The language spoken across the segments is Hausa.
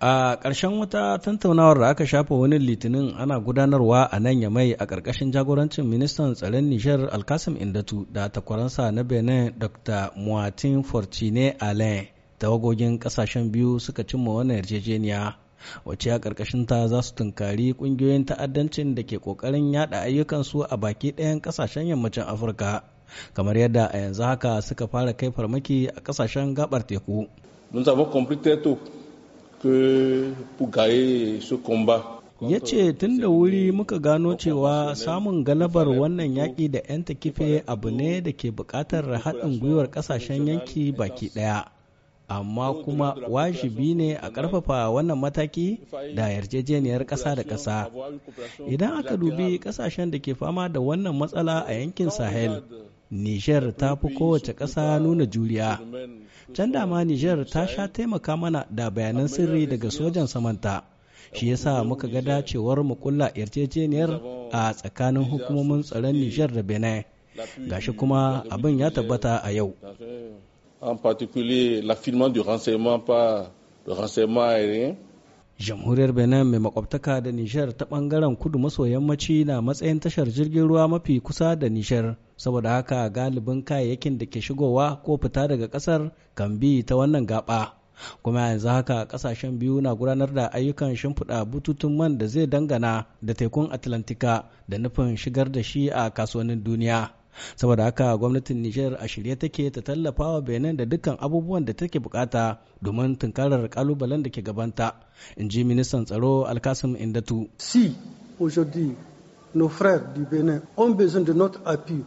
A ƙarshen wata tantaunawar da aka shafa wani litinin ana gudanarwa a nan mai a ƙarƙashin jagorancin ministan tsaron Nijar Alkasim Indatu da takwaransa na Benin Dr. Muatin Fortune Alain tawagogin ƙasashen biyu suka cimma wannan yarjejeniya wace a ƙarƙashin ta za su tunkari ƙungiyoyin ta'addancin da ke ƙoƙarin yada ayyukansu a baki ɗayan ƙasashen yammacin Afirka kamar yadda a yanzu haka suka fara kai farmaki a ƙasashen gabar teku. Mun samu complete ya ce tun da wuri muka gano cewa samun galabar wannan yaƙi da 'yan takife abu ne da ke buƙatar haɗin gwiwar ƙasashen yanki baki ɗaya amma kuma wajibi ne a ƙarfafa wannan mataki da yarjejeniyar ƙasa da ƙasa idan aka dubi ƙasashen da ke fama da wannan matsala a yankin sahel Nijar ta fi kowace ƙasa nuna juriya. Can dama Nijar ta sha taimaka mana da bayanan sirri daga sojan samanta. Shi yasa muka ga dacewar mu yarjejeniyar a tsakanin hukumomin tsaron Nijar da Benin. Gashi kuma abin ya tabbata a yau. En particulier, l'affirmement jamhuriyar benin mai makwabtaka da nishar ta bangaren kudu maso yammaci na matsayin tashar jirgin ruwa mafi kusa da nishar saboda haka galibin kayayyakin da ke shigowa ko fita daga kasar kan bi ta wannan gaba kuma yanzu haka kasashen biyu na gudanar da ayyukan shimfiɗa bututun man da zai dangana da tekun atlantika da nufin shigar da shi a kasuwannin duniya saboda haka gwamnatin nijar a shirye take ta tallafawa wa benin da dukkan abubuwan da take bukata domin tunkarar kalubalen da ke gabanta in ji ministan tsaro alkasim indatu si aujourd'hui nos frères du benin ont besoin de notre appui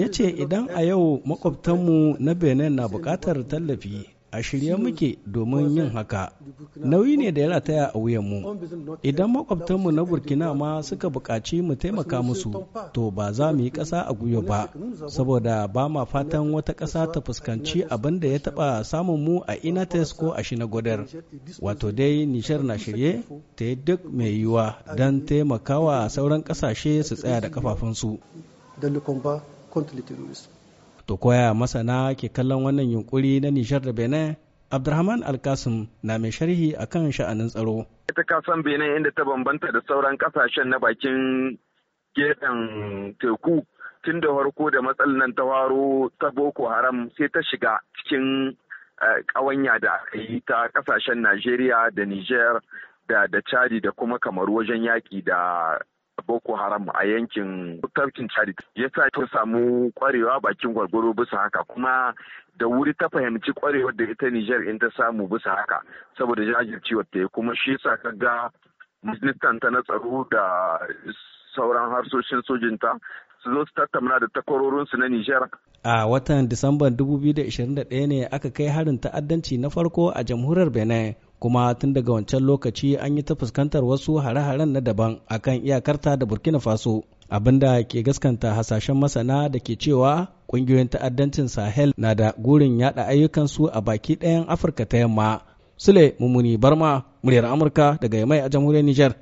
ya ce idan a yau makwabtanmu na benin na bukatar tallafi a shirye muke domin yin haka nauyi ne da ya rataya a wuyan mu idan makwabtanmu na burkina ma suka buƙaci mu taimaka musu to ba za mu yi ƙasa a guyo ba saboda ba ma fatan wata ƙasa ta fuskanci abin da ya taɓa samun mu a inates ko a shinagodar wato dai nishar na shirye ta yi duk mai yiwuwa don taimakawa sauran ƙasashe su tsaya da kafafunsu. To koya masana ke kallon wannan yunkuri na Nijar da Benin? abdulrahman Alkasim na mai sharhi akan sha'anin tsaro. Ita kasan Benin inda ta bambanta da sauran kasashen na bakin gefen teku tun da farko da matsalar nan ta waro ta Boko Haram sai ta shiga cikin eh, ƙawanya da aka yi ta kasashen Najeriya da Niger da da Chadi da kuma kamar wajen yaki da Boko Haram a yankin tafkin ya sa ta samu kwarewa bakin gwargwaro bisa haka kuma da wuri ta fahimci kwarewar da ita Nijar in ta samu bisa haka saboda jajircewar ta kuma shi yasa ka ga ministan ta na tsaro da sauran harsoshin sojinta su zo su tattauna da takwarorinsu na Nijar. A watan Disamban 2021 ne aka kai harin ta'addanci na farko a jamhuriyar Benin kuma tun daga wancan lokaci an yi ta fuskantar wasu hare-haren na daban a kan iyakarta da burkina faso abinda ke gaskanta hasashen masana da ke cewa ƙungiyoyin ta'addancin sahel na da gurin yada ayyukansu a baki ɗayan afirka ta yamma sule mummuni barma muryar amurka daga yamai a jamhuriyar niger